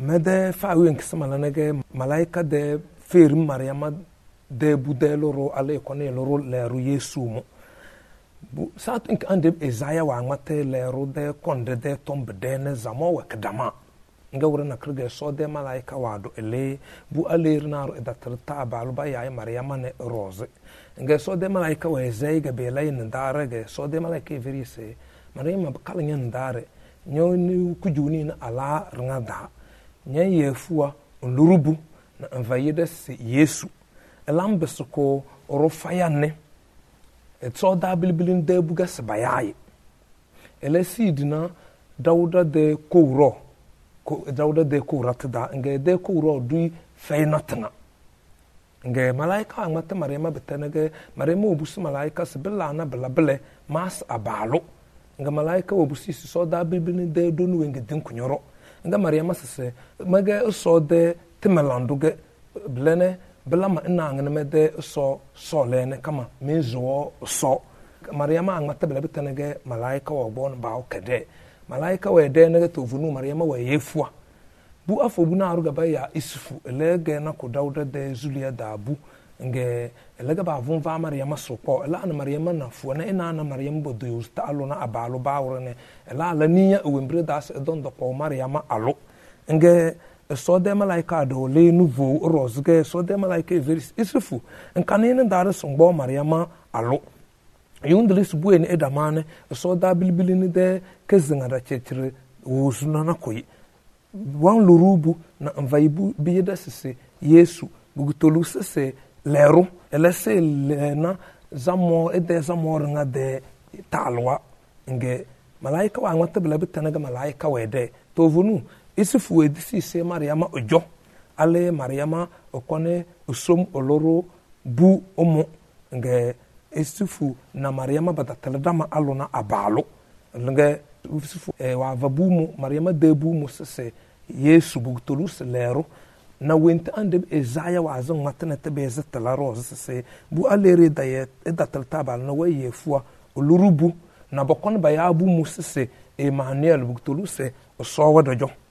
mede fa'awiyen nege malaika de feerin mariyama debu de loro ala ikone loro leru mo bu sa tink ande isaiah wa ngmate leru de konde de tombe de ne zamo wa kedama nga wure na kirga so de malaika wa do ele bu aleri naro edatar ta balu ba yae mariyama ne rose nga so de malaika wa ezai ga belai ndare ga so de malaika e virise mariyama kala nyen ndare nyoni kujuni na ala ringa da nyɛ yeefua olurubu na nvayi ɖe se yesu elambe soko orofaya ne etsɔ da bilibili de ebuga sebaya ye ɛlɛ si dina dawuda de kowurɔ ko dawuda de kowura ti da nge de kowurɔ dui fɛyi na tena nge malaika a aŋmata mariama bete ne ge mariama busi malaika si bila ana bila bile mas abaalo nge malaika busi si sɔ da bilibili de do nuwe nge di nkunyɔrɔ nga mariama sese mege uso de temelandu ge blene belama ina angene de uso sɔle ne kama me uso sɔ mariama angma tebele betene malaika wa gbɔ ne kede malaika wa de nege to vunu mariama wɔ ye fua bu afɔ bu na aruga ba ya isufu elege na ko dawuda de zulia da bu nge laga ba vun va maryama sokpo la an maryama na fu na ina na maryama bo deus ta alo na abalo ba urne la la niya wembre das don do ko maryama alo nge so de malaika do le nuvo rozge so de malaika veris isfu nkanene dar songbo maryama alo yundelis buen edamane e so da bilbilini de kezinga da chechire wosuna na koyi wan lorubu na mvaibu biyeda sese yesu bugutolu sese leeru elese na zamo ede zamornga de talwa nge malaika wa ngwata bila bitana ga malaika wede to vunu isifu wedi si se mariama ojo ale mariama okone usom oloro bu omo nge isifu na mariama badateledama alu na abalu nge isifu e, eh, wa vabumu mariama debumu sese yesu bugtolus leru na wenti an deb e zaya wa azin matana ta be zata la roz se bu alere da ye e da tal tabal na waye fua olurubu na bokon ba ya bu musese e manuel buktulu se o sowa dojo